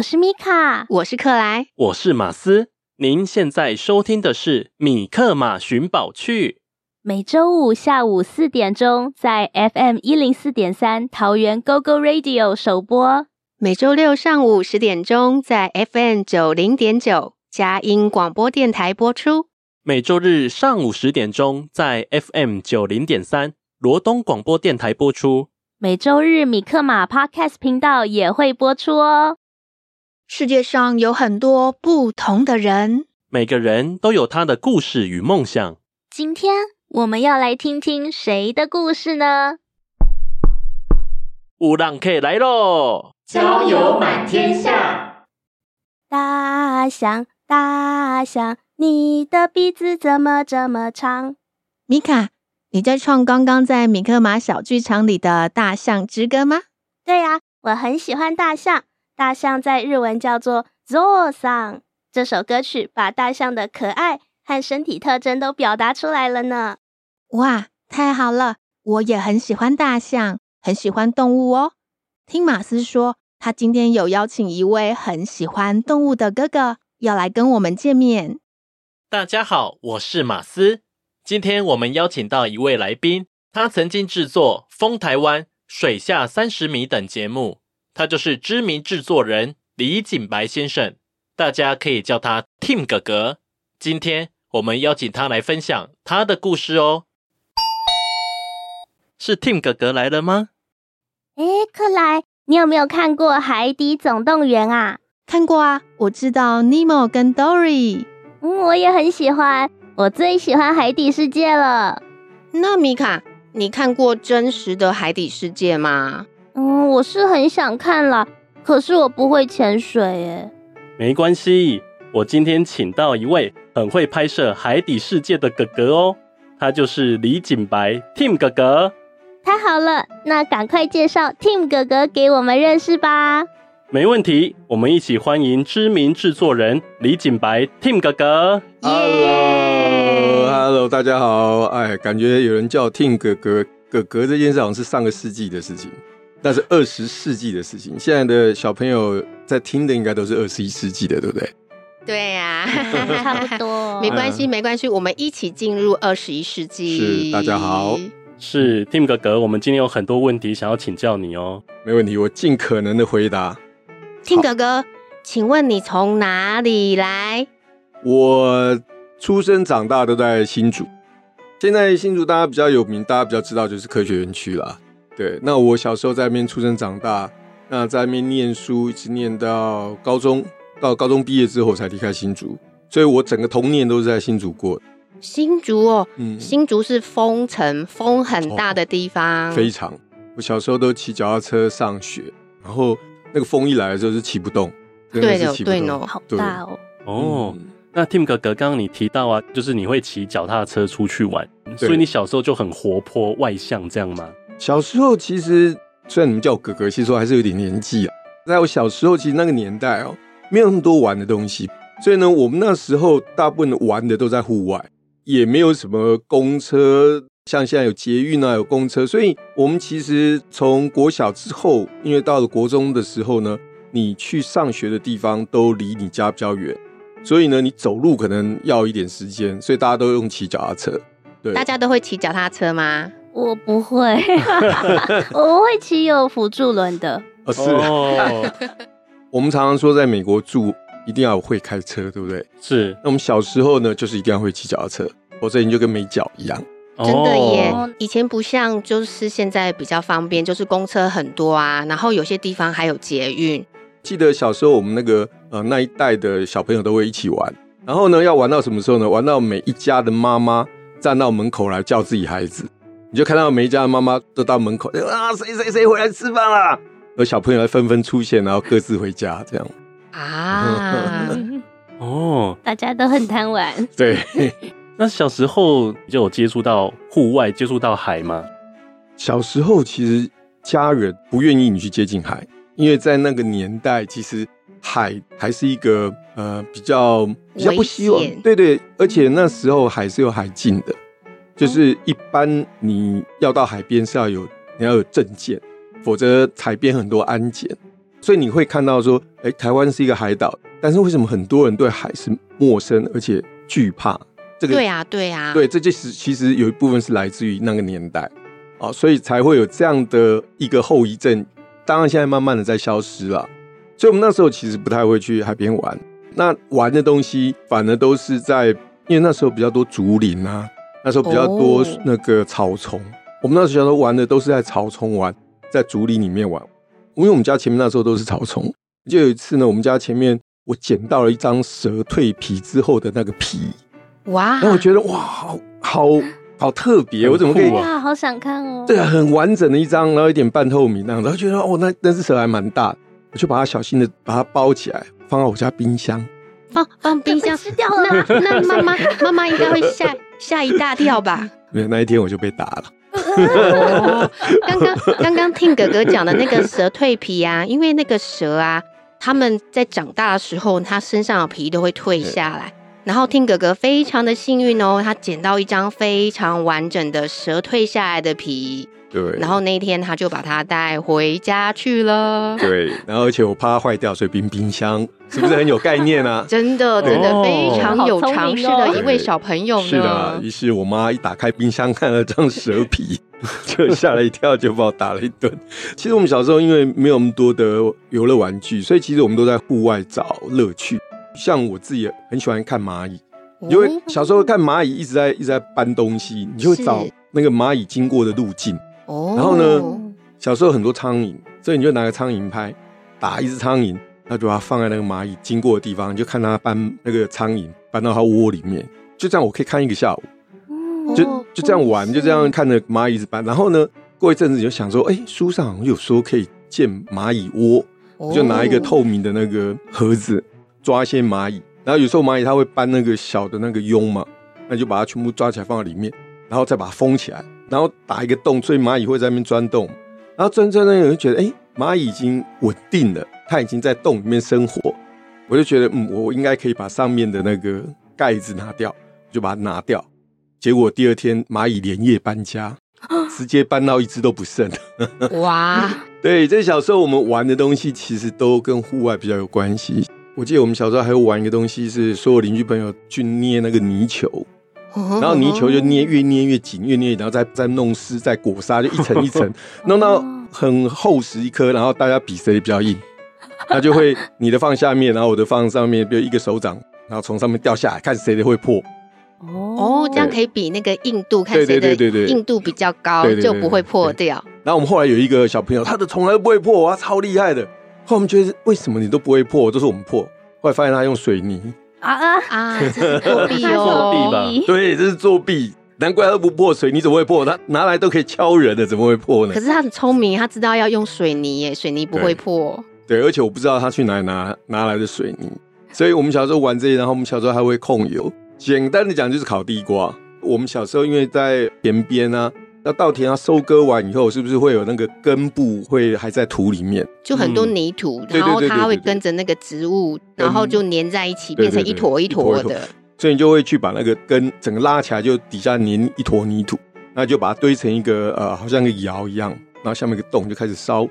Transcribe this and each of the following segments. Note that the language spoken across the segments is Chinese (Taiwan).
我是米卡，我是克萊，我是馬斯。您現在收聽的是《米克馬尋寶趣》，每周五下午四點鐘在 FM 一零四點三桃園 GO GO Radio 首播；每周六上午十點鐘在 FM 九零點九佳音廣播電台播出；每周日上午十點鐘在 FM 九零點三羅東廣播電台播出；每周日米克馬 Podcast 頻道也會播出哦。世界上有很多不同的人，每個人都有他的故事與夢想。今天我們要來聽聽誰的故事呢？烏浪 k 來嘍！交友滿天下。大象，大象，你的鼻子怎麼這麼長？米卡，你在唱剛剛在米克馬小劇場裡的《大象之歌》嗎？對呀、啊，我很喜歡大象。大象在日文叫做“ゾウサン”。這首歌曲把大象的可愛和身體特徵都表達出來了呢。哇，太好了！我也很喜歡大象，很喜歡動物哦。聽馬斯說，他今天有邀請一位很喜歡動物的哥哥要來跟我們見面。大家好，我是馬斯。今天我們邀請到一位來賓，他曾經制作《瘋台灣》《水下三十米》等節目。他就是知名製作人李景白先生，大家可以叫他 Tim 哥哥。今天我們邀請他來分享他的故事哦。是 Tim 哥哥來了嗎？哎，克萊，你有沒有看過《海底總動員》啊？看過啊，我知道 Nemo 跟 Dory。嗯，我也很喜歡。我最喜歡海底世界了。那米卡，你看過真實的海底世界嗎？嗯，我是很想看啦，可是我不會潛水欸。沒關係，我今天請到一位很會拍攝海底世界的哥哥哦，他就是李景白 Tim 哥哥。太好了，那趕快介紹 Tim 哥哥給我們認識吧。沒問題，我們一起歡迎知名制作人李景白 Tim 哥哥。Hello，Hello，Yeah hello, 大家好。哎，感覺有人叫 Tim 哥哥，哥哥這件事好像是上個世紀的事情。但是二十世紀的事情，現在的小朋友在聽的應該都是二十一世紀的，對不對？對呀、啊，差不多，沒關係，沒關係，我們一起進入二十一世紀。是，大家好，是 Tim 哥哥，我們今天有很多問題想要請教你哦、喔，沒問題，我盡可能的回答。Tim 哥哥，好請問你從哪裡來？我出生長大都在新竹，現在新竹大家比較有名，大家比較知道就是科學園區啦。對，那我小時候在那邊出生長大，那在那邊念書，一直念到高中，到高中畢業之後才離開新竹，所以我整個童年都是在新竹過的。新竹哦，嗯，新竹是風城，風很大的地方、哦。非常，我小時候都騎腳踏車上學，然後那個風一來的時候就騎不動。真的是騎不動，對哦，對哦，好大哦。了哦，那 Tim 哥哥，剛剛你提到啊，就是你會騎腳踏車出去玩，嗯、所以你小時候就很活潑外向這樣嗎？小時候其實，雖然你們叫我哥哥，其實說還是有點年紀啊。在我小時候，其實那個年代哦，沒有那麼多玩的東西，所以呢，我們那時候大部分的玩的都在戶外，也沒有什麼公車，像現在有捷運啊，有公車。所以，我們其實從國小之後，因為到了國中的時候呢，你去上學的地方都離你家比較遠，所以呢，你走路可能要一點時間，所以大家都用騎腳踏車。對，大家都會騎腳踏車嗎？我不會， 我會騎有輔助輪的，哦。是，oh. 我們常常說在美國住一定要會開車，對不對？是。那我們小時候呢，就是一定要會騎腳踏車。否則你就跟沒腳一樣。真的耶！Oh. 以前不像，就是現在比較方便，就是公車很多啊，然後有些地方還有捷運。記得小時候我們那個呃那一代的小朋友都會一起玩，然後呢，要玩到什麼時候呢？玩到每一家的媽媽站到門口來叫自己孩子。你就看到每一家的媽媽都到門口，啊，誰誰誰回來吃飯啦，有小朋友還紛紛出現，然後各自回家，這樣啊， 哦，大家都很貪玩。對，那小時候你就有接觸到戶外，接觸到海嗎？小時候其實家人不願意你去接近海，因為在那個年代，其實海還是一個呃比較比較不希望，危險，對，對對，而且那時候海是有海禁的。就是一般你要到海邊是要有你要有證件，否則海邊很多安檢，所以你會看到說，哎、欸，台灣是一個海島，但是為什麼很多人對海是陌生而且懼怕？這個對呀、啊，對呀、啊，對，這就是其實有一部分是來自於那個年代啊、喔，所以才會有這樣的一個後遺症。當然現在慢慢的在消失了，所以我們那時候其實不太會去海邊玩，那玩的東西反而都是在，因為那時候比較多竹林啊。那時候比較多那個草叢，oh. 我們那時候小時候玩的都是在草叢玩，在竹林裡面玩。因為我們家前面那時候都是草叢，就有一次呢，我們家前面我撿到了一張蛇蛻皮之後的那個皮，哇！那我覺得哇，好好好特別， 我怎麼可以？哇，wow, 好想看哦！對，很完整的一張，然後一點半透明那樣子，然後覺得哦，那那只蛇還蠻大，我就把它小心的把它包起來，放到我家冰箱。放放冰箱， 那那媽媽媽媽應該會晒。嚇一大跳吧！沒有，那一天我就被打了、 哦。剛剛剛剛 Tim 哥哥講的那個蛇蛻皮啊，因為那個蛇啊，他們在長大的時候，它身上的皮都會蛻下來。欸、然後 Tim 哥哥非常的幸運哦，他撿到一張非常完整的蛇蛻下來的皮。對。然後那天他就把它帶回家去了。對。然後而且我怕它壞掉，所以冰冰箱。是不是很有概念呢、啊？ 真的，真的非常有常識的一位小朋友呢。！ 是的，於是我媽一打開冰箱看了張蛇皮，就嚇了一跳，就把我打了一頓。其實我們小時候因為沒有那麼多的遊樂玩具，所以其實我們都在戶外找樂趣。像我自己很喜歡看螞蟻，因為、哦、小時候看螞蟻一直在一直在搬東西，你就會找那個螞蟻經過的路徑。哦是，然後呢，小時候很多蒼蠅，所以你就拿個蒼蠅拍，打一只蒼蠅。他就把它放在那個螞蟻經過的地方，就看它搬那個蒼蠅搬到它窩裡面，就這樣我可以看一個下午，就就這樣玩，就這樣看着螞蟻一直搬。然後呢，過一陣子你就想說，哎，書上好像有說可以建螞蟻窩，我就拿一個透明的那個盒子抓一些螞蟻，然後有時候螞蟻它會搬那個小的那個蛹嘛，那就把它全部抓起來放到裡面，然後再把它封起來，然後打一個洞，所以螞蟻會在那邊鑽洞，然後鑽鑽鑽，我就覺得哎、欸。螞蟻已經穩定了，它已經在洞裡面生活。我就覺得，嗯，我應該可以把上面的那個蓋子拿掉，就把它拿掉。結果第二天，螞蟻連夜搬家，直接搬到一隻都不剩。哇！ 對，這小時候我們玩的東西，其實都跟戶外比較有關係。我記得我們小時候還有玩一個東西，是所有鄰居朋友去捏那個泥球，然後泥球就捏越捏越緊，越捏越緊，越捏，然後再再弄濕，再裹沙，就一層一層哈哈哈哈弄到。很厚實一顆，然後大家比誰比較硬，他就會你的放下面，然後我的放上面，比如一個手掌，然後從上面掉下來看誰的會破。哦，這樣可以比那個硬度，看誰的硬度比較高，就不會破掉。然後我們後來有一個小朋友，他的從來都不會破，哇，超厲害的。後來我們覺得為什麼你都不會破，就是我們破。後來發現他用水泥。啊啊啊，這是作弊哦，對，這是作弊。難怪都不破，水泥怎麼會破？它拿來都可以敲人的，怎麼會破呢？可是他很聰明，他知道要用水泥耶，水泥不會破。對，對，而且我不知道他去哪裡拿拿來的水泥。所以我們小時候玩這些，然後我們小時候還會焢窯，簡單的講就是烤地瓜。我們小時候因為在田邊啊，那稻田它收割完以後，是不是會有那個根部會還在土裡面？就很多泥土，嗯、然後它會跟着那個植物，嗯、然後就粘在一起，嗯、變成一坨一坨的。對對對，一坨一坨所以你就會去把那個根整個拉起來，就底下粘一坨泥土，那就把它堆成一個呃，好像一個窯一樣，然後下面一個洞就開始燒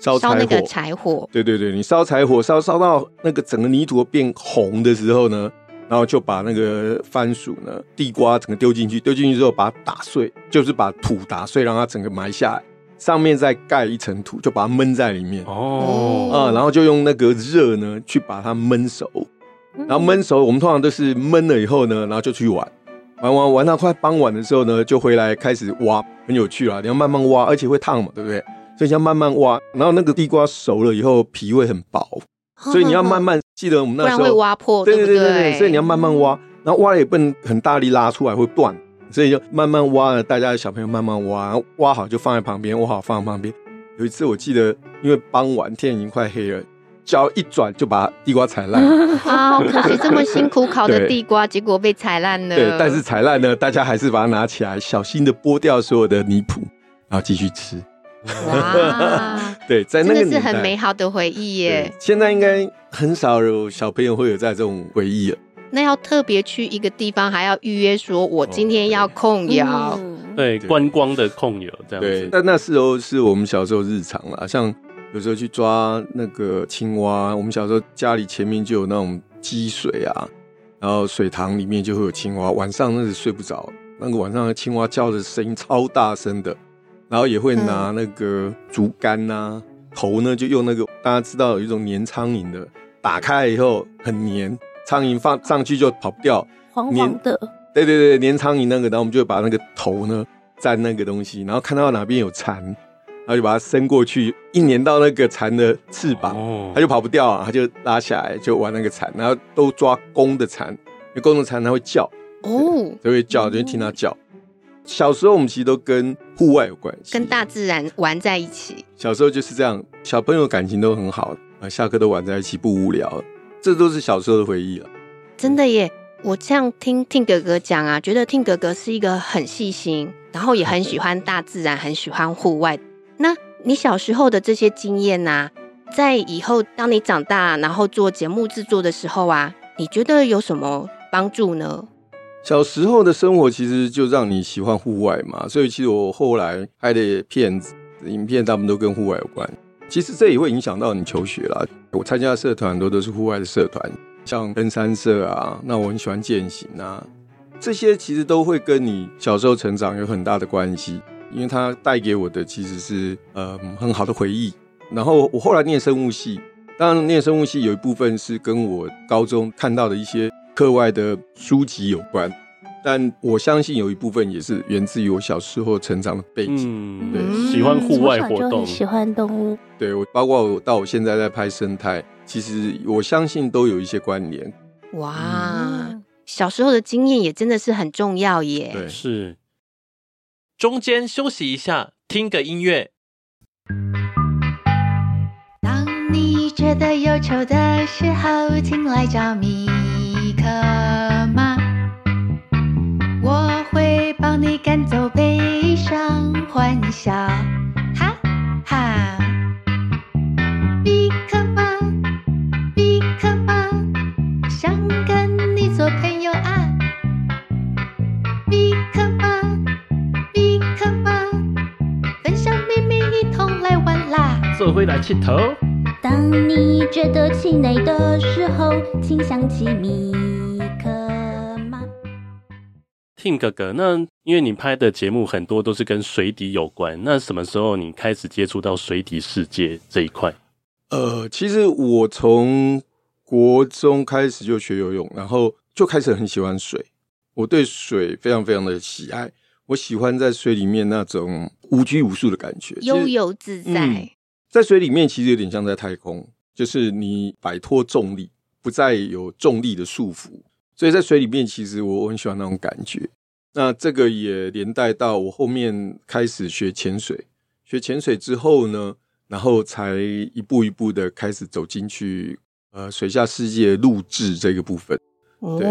燒柴火。燒那個柴火。對對對，你燒柴火燒，燒燒到那個整個泥土變紅的時候呢，然後就把那個番薯呢、地瓜整個丟進去，丟進去之後把它打碎，就是把土打碎，讓它整個埋下來，上面再蓋一層土，就把它悶在裡面。哦。啊、嗯嗯，然後就用那個熱呢去把它燜熟。然後燜熟，我們通常都是燜了以後呢，然後就出去玩，慢慢玩完玩到快傍晚的時候呢，就回來開始挖，很有趣啊！你要慢慢挖，而且會燙嘛，對不對？所以你要慢慢挖。然後那個地瓜熟了以後，皮會很薄，呵呵呵，所以你要慢慢。記得我們那時候，不然會挖破。對對對，對，對，對，對，對，所以你要慢慢挖。然後挖了也不能很大力拉出來，會斷，所以就慢慢挖。大家的小朋友慢慢挖，挖好就放在旁邊，挖好放在旁邊。有一次我記得，因為傍晚天已經快黑了。腳一轉就把地瓜踩爛，啊，可惜這麼辛苦烤的地瓜， 對結果被踩爛了。對，但是踩爛呢，大家還是把它拿起來，小心的剝掉所有的泥土，然後繼續吃。 哇，對，在那個是很美好的回憶耶。現在應該很少有小朋友會有在這種回憶了。那要特別去一個地方，還要預約，說我今天要控窯。嗯、對，觀光的控窯這樣子。對，但那時候是我們小時候日常了，像。有時候去抓那個青蛙，我們小時候家裡前面就有那種積水啊，然後水塘裡面就會有青蛙。晚上那是睡不着，那個晚上青蛙叫的聲音超大聲的。然後也會拿那個竹竿吶、啊，嗯、頭呢就用那個大家知道有一種粘蒼蠅的，打開以後很黏，蒼蠅放上去就跑不掉。黃黃的黏。對對對，黏蒼蠅那個，然後我們就會把那個頭呢粘那個東西，然後看到哪邊有蟬，然後就把它伸過去，一粘到那個蟬的翅膀，哦，它就跑不掉啊！它就拉下來，就玩那個蟬。然後都抓公的蟬，因為公的蟬它會叫哦，它會叫，就會聽它叫。小時候我們其實都跟戶外有關係，跟大自然玩在一起。小時候就是這樣，小朋友感情都很好啊，下課都玩在一起，不無聊。這都是小時候的回憶了。真的耶！我這樣聽 Tim 哥哥講啊，覺得 Tim 哥哥是一個很細心，然後也很喜歡大自然，很喜歡戶外的。那你小時候的這些經驗吶、啊，在以後當你長大然後做節目制作的時候啊，你覺得有什麼幫助呢？小時候的生活其實就讓你喜歡戶外嘛，所以其實我後來拍的片子、影片，他們都跟戶外有關。其實這也會影響到你求學啦。我參加的社團很多都是戶外的社團，像登山社啊，那我很喜歡健行啊，這些其實都會跟你小時候成長有很大的關係。因為他帶給我的其實是嗯很好的回憶。然後我後來念生物系，當然念生物系有一部分是跟我高中看到的一些課外的書籍有關，但我相信有一部分也是源自於我小時候成長的背景。嗯、對，嗯、喜歡戶外活動，喜歡動物。對，我包括我到我現在在拍生態，其實我相信都有一些關聯。哇，嗯、小時候的經驗也真的是很重要耶。對，是。中間休息一下，聽個音樂。當你覺得憂愁的時候，請來找米克馬，我會幫你趕走悲傷，歡笑。學會了剃頭。當你覺得氣餒的時候，請想起米克馬。Tim 哥哥，那因為你拍的節目很多都是跟水底有關，那什麼時候你開始接觸到水底世界這一塊？呃，其實我從國中開始就學游泳，然後就開始很喜歡水。我對水非常非常的喜愛，我喜歡在水裡面那種無拘無束的感覺，悠游自在。在水裡面其實有點像在太空，就是你擺脫重力，不再有重力的束縛。所以在水裡面，其實我很喜歡那種感覺。那這個也連帶到我後面開始學潛水，學潛水之後呢，然後才一步一步的開始走進去，呃，水下世界錄製這個部分。Oh. 對，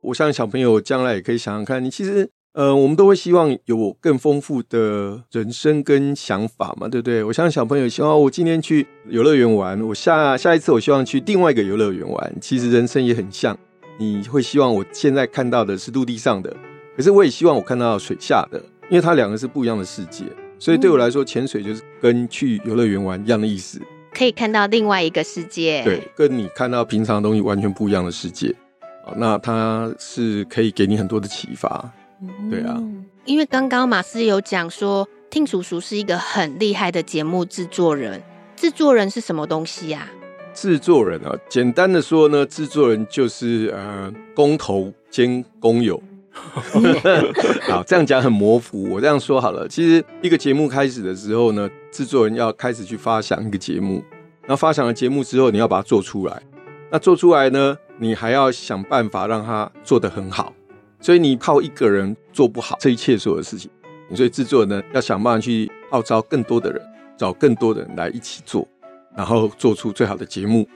我像小朋友將來也可以想想看，你其實。呃，我們都會希望有更豐富的人生跟想法嘛，對不對？我想小朋友希望我今天去遊樂園玩，我下下一次我希望去另外一個遊樂園玩。其實人生也很像，你會希望我現在看到的是陸地上的，可是我也希望我看到水下的，因為它兩個是不一樣的世界。所以對我來說，潛水就是跟去遊樂園玩一樣的意思，可以看到另外一個世界，對，跟你看到平常的東西完全不一樣的世界。那它是可以給你很多的啟發。對啊，因為剛剛馬斯有講說，Tim 叔叔是一個很厲害的節目制作人。制作人是什麼東西啊？制作人啊，簡單的說呢，制作人就是呃，工頭兼工友。 好，這樣講很模糊，我這樣說好了。其實一個節目開始的時候呢，制作人要開始去發想一個節目，那發想了節目之後，你要把它做出來。那做出來呢，你還要想辦法讓它做得很好。所以你靠一個人做不好這一切所有的事情，所以製作人呢，要想辦法去號召更多的人，找更多的人來一起做，然後做出最好的節目。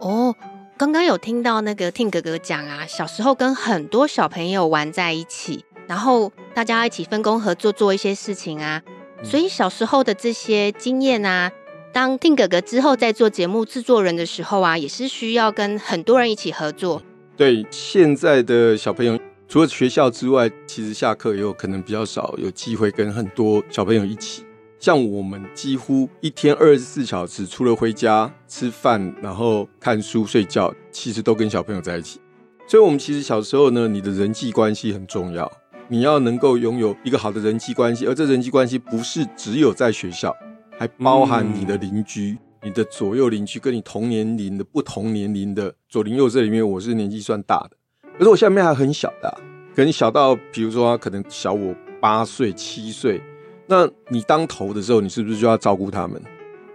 哦，剛剛有聽到那個 Tim 哥哥講啊，小時候跟很多小朋友玩在一起，然後大家一起分工合作做一些事情啊，所以小時候的這些經驗啊，當 Tim 哥哥之後在做節目製作人的時候啊，也是需要跟很多人一起合作。對，現在的小朋友。除了學校之外，其實下課也有可能比較少有機會跟很多小朋友一起。像我們幾乎一天二十四小時，除了回家吃飯，然後看書睡覺，其實都跟小朋友在一起。所以，我們其實小時候呢，你的人際關係很重要。你要能夠擁有一個好的人際關係，而這人際關係不是只有在學校，還包含你的鄰居、嗯、你的左右鄰居，跟你同年齡的、不同年齡的左鄰右舍裡面，我是年紀算大的。可是我下面還很小的啊，可能小到比如說可能小我八歲、七歲。那你當頭的時候，你是不是就要照顧他們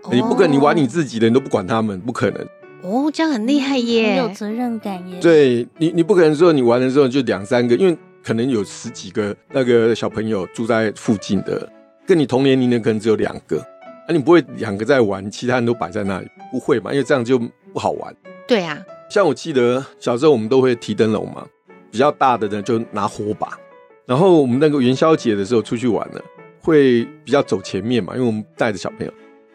？Oh. 你不可能你玩你自己的，你都不管他們，不可能。哦，oh, 這樣很厲害耶，很有責任感耶。對你，你不可能說你玩的時候就兩三個，因為可能有十幾個那個小朋友住在附近的，跟你同年齡的可能只有兩個。啊，你不會兩個在玩，其他人都擺在那裡，不會嘛？因為這樣就不好玩。對啊。像我記得小時候，我們都會提燈籠嘛，比較大的呢就拿火把，然後我們那個元宵節的時候出去玩呢，會比較走前面嘛，因為我們帶着小朋友。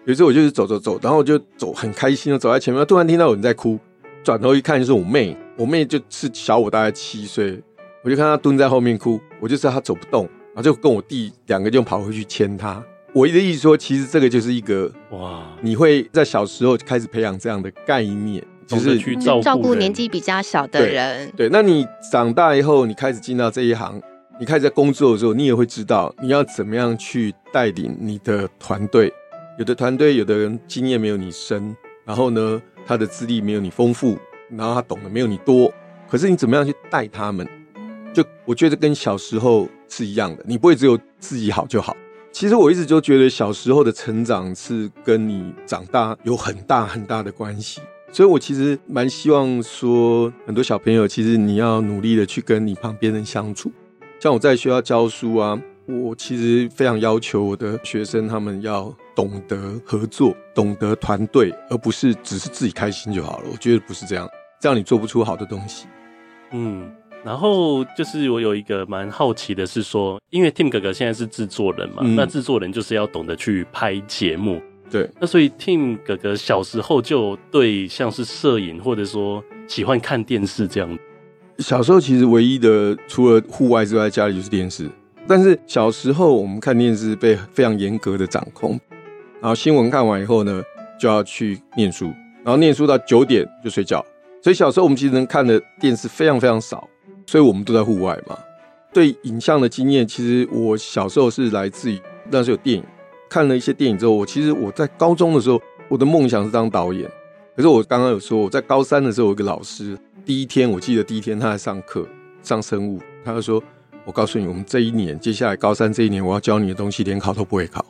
有時候我就是走走走，然後我就走很開心，走在前面，突然聽到有人在哭，轉頭一看就是我妹，我妹就是小我大概七歲，我就看她蹲在後面哭，我就知道她走不動，然後就跟我弟兩個就跑回去牽她。我的意思說，其實這個就是一個哇，你會在小時候開始培養這樣的概念。就是去照顧年紀比較小的人，對。對，那你長大以後，你開始進到這一行，你開始在工作的時候，你也會知道你要怎麼樣去帶領你的團隊。有的團隊有的人經驗沒有你深，然後呢，他的資歷沒有你豐富，然後他懂得沒有你多。可是你怎麼樣去帶他們？就我覺得跟小時候是一樣的，你不會只有自己好就好。其實我一直就覺得小時候的成長是跟你長大有很大很大的關係。所以，我其實蠻希望說，很多小朋友其實你要努力的去跟你旁邊人相處。像我在學校教書啊，我其實非常要求我的學生他們要懂得合作，懂得團隊，而不是只是自己開心就好了。我覺得不是這樣，這樣你做不出好的東西。嗯，然後就是我有一個蠻好奇的是說，因為 Tim 哥哥現在是制作人嘛，嗯，那制作人就是要懂得去拍節目。對，那所以 Tim 哥哥小時候就對像是攝影或者說喜歡看電視這樣。小時候其實唯一的除了戶外之外，家裡就是電視。但是小時候我們看電視被非常嚴格的掌控，然後新聞看完以後呢，就要去念書，然後念書到九點就睡覺。所以小時候我們其實能看的電視非常非常少，所以我們都在戶外嘛。對影像的經驗，其實我小時候是來自於那時候有電影。看了一些電影之後，我其實我在高中的時候，我的夢想是當導演。可是我剛剛有說，我在高三的時候，有一個老師，第一天我記得第一天他在上課上生物，他就說：“我告訴你，我們這一年接下來高三這一年，我要教你的東西，聯考都不會考。”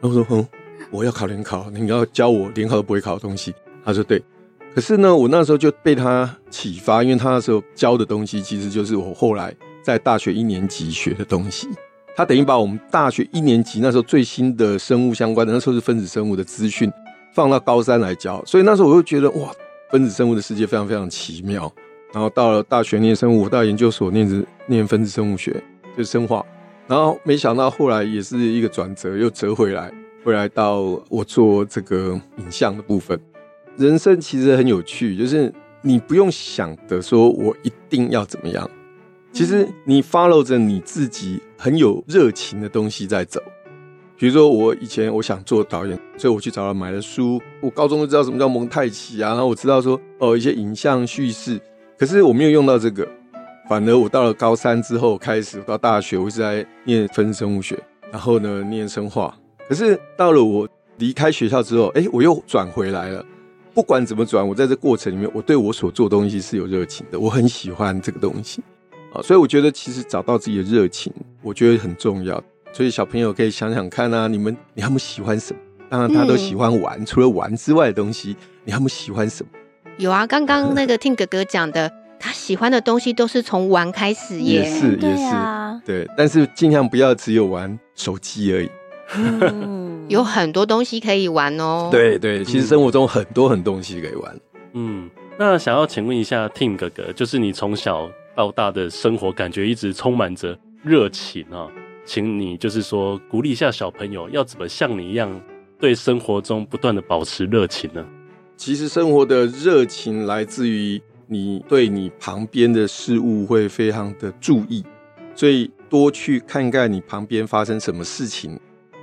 然後說：“哼、嗯，我要考聯考，你要教我聯考都不會考的東西。”他說：“對。”可是呢，我那時候就被他啟發，因為他那時候教的東西，其實就是我後來在大學一年級學的東西。他等於把我們大學一年級那時候最新的生物相關的，那時候是分子生物的資訊，放到高三來教，所以那時候我就覺得哇，分子生物的世界非常非常奇妙。然後到了大學念生物，我到研究所念子念分子生物學，就是生化。然後沒想到後來也是一個轉折，又折回來，回來到我做這個影像的部分。人生其實很有趣，就是你不用想的說，我一定要怎麼樣。其實你 follow 着你自己很有熱情的東西在走，比如說我以前我想做導演，所以我去找他買了書。我高中就知道什麼叫蒙太奇啊，然後我知道說哦，一些影像敘事，可是我沒有用到這個。反而我到了高三之後我開始，我到大學，我一直在念分生物學，然後呢，念生化。可是到了我離開學校之後，哎，我又轉回來了。不管怎麼轉，我在這過程裡面，我對我所做東西是有熱情的，我很喜歡這個東西。所以我覺得，其實找到自己的熱情，我覺得很重要。所以小朋友可以想想看啊你，你們你們喜歡什麼？當然，他都喜歡玩，嗯、除了玩之外的東西，你他們喜歡什麼？有啊，剛剛那個 Tim 哥哥講的， 他喜歡的東西都是從玩開始耶。也是，也是，對，啊、對。但是儘量不要只有玩手機而已，嗯。 有很多東西可以玩哦。對，對對，其實生活中很多很多東西可以玩。嗯，那想要請問一下 Tim 哥哥，就是你從小。到大的生活，感覺一直充滿着熱情啊、哦！請你就是說，鼓勵一下小朋友，要怎麼像你一樣對生活中不斷的保持熱情呢？其實生活的熱情來自於你對你旁邊的事物會非常的注意，所以多去看看你旁邊發生什麼事情，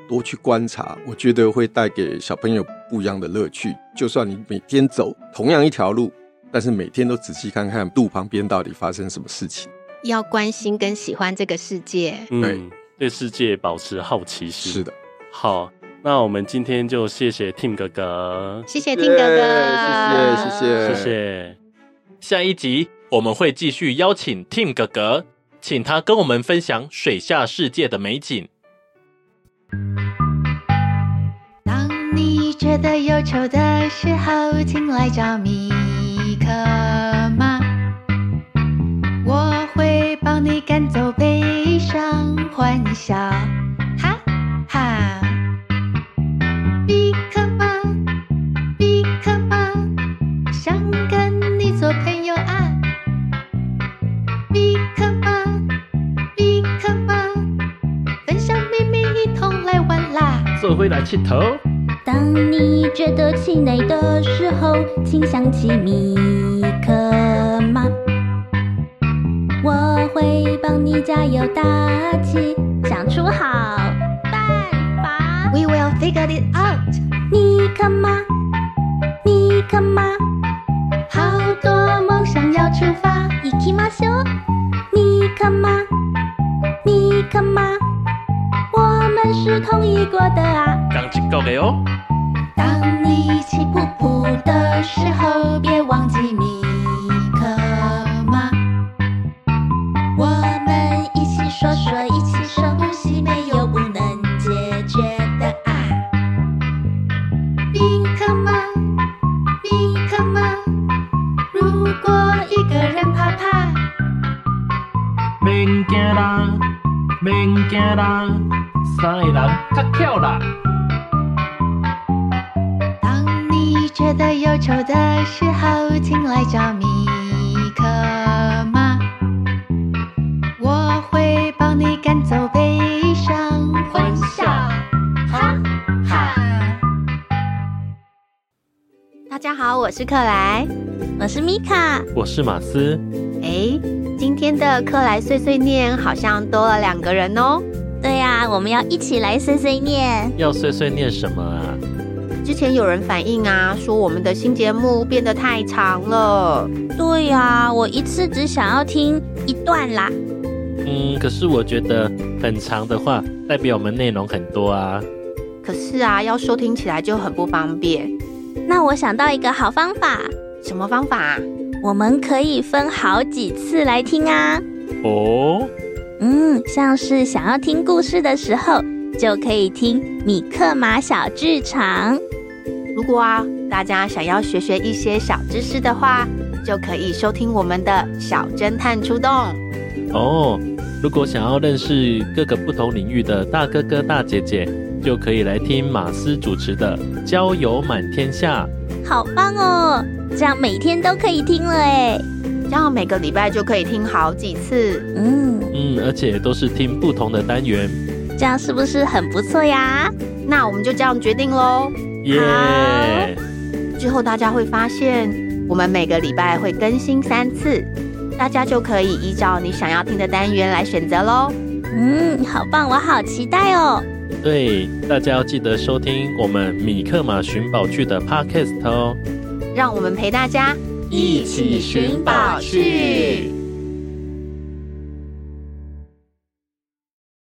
多去觀察，我覺得會帶給小朋友不一樣的樂趣。就算你每天走同樣一條路。但是每天都仔細看看路旁邊到底發生什麼事情，要關心跟喜歡這個世界，嗯、對，對世界保持好奇心。是的，好，那我們今天就謝謝 Tim 哥哥，謝謝 Tim 哥哥，謝謝謝謝謝謝。下一集我們會繼續邀請 Tim 哥哥，請他跟我們分享水下世界的美景。當你覺得憂愁的時候，請來着迷。米克馬，我會幫你趕走悲傷，歡笑，哈哈。米克馬，米克馬，想跟你做朋友啊。米克馬，米克馬，分享秘密，一同來玩啦。做回來氣頭，等你。覺得氣餒的時候，請想起米克馬，我會幫你加油打氣，想出好辦法。We will figure it out，米克馬，米克馬，好多夢想要出發。一起冒險哦，米克馬，米克馬，我們是同一國的啊。同一國的哦。一起。克萊，我是米卡，我是馬斯。哎，今天的克萊碎碎念好像多了兩個人哦。對啊，我們要一起來碎碎念。要碎碎念什麼啊？之前有人反映啊，說我們的新節目變得太長了。對啊，我一次只想要聽一段啦。嗯，可是我覺得很長的話，代表我們內容很多啊。可是啊，要收聽起來就很不方便。那我想到一個好方法。什麼方法啊？我們可以分好幾次來聽啊。哦，嗯，像是想要聽故事的時候，就可以聽米克馬小劇場。如果啊，大家想要學學一些小知識的話，就可以收聽我們的小偵探出動。哦，如果想要認識各個不同領域的大哥哥大姐姐，就可以來聽馬斯主持的《交友滿天下》，好棒哦！這樣每天都可以聽了哎，這樣每個禮拜就可以聽好幾次，嗯嗯，而且都是聽不同的單元，這樣是不是很不錯呀？那我們就這樣決定嘍。耶 Yeah.！好，之後大家會發現，我們每個禮拜會更新三次，大家就可以依照你想要聽的單元來選擇嘍。嗯，好棒，我好期待哦。對，大家要記得收聽我們米克馬尋寶趣的 podcast 哦。讓我們陪大家一起尋寶去。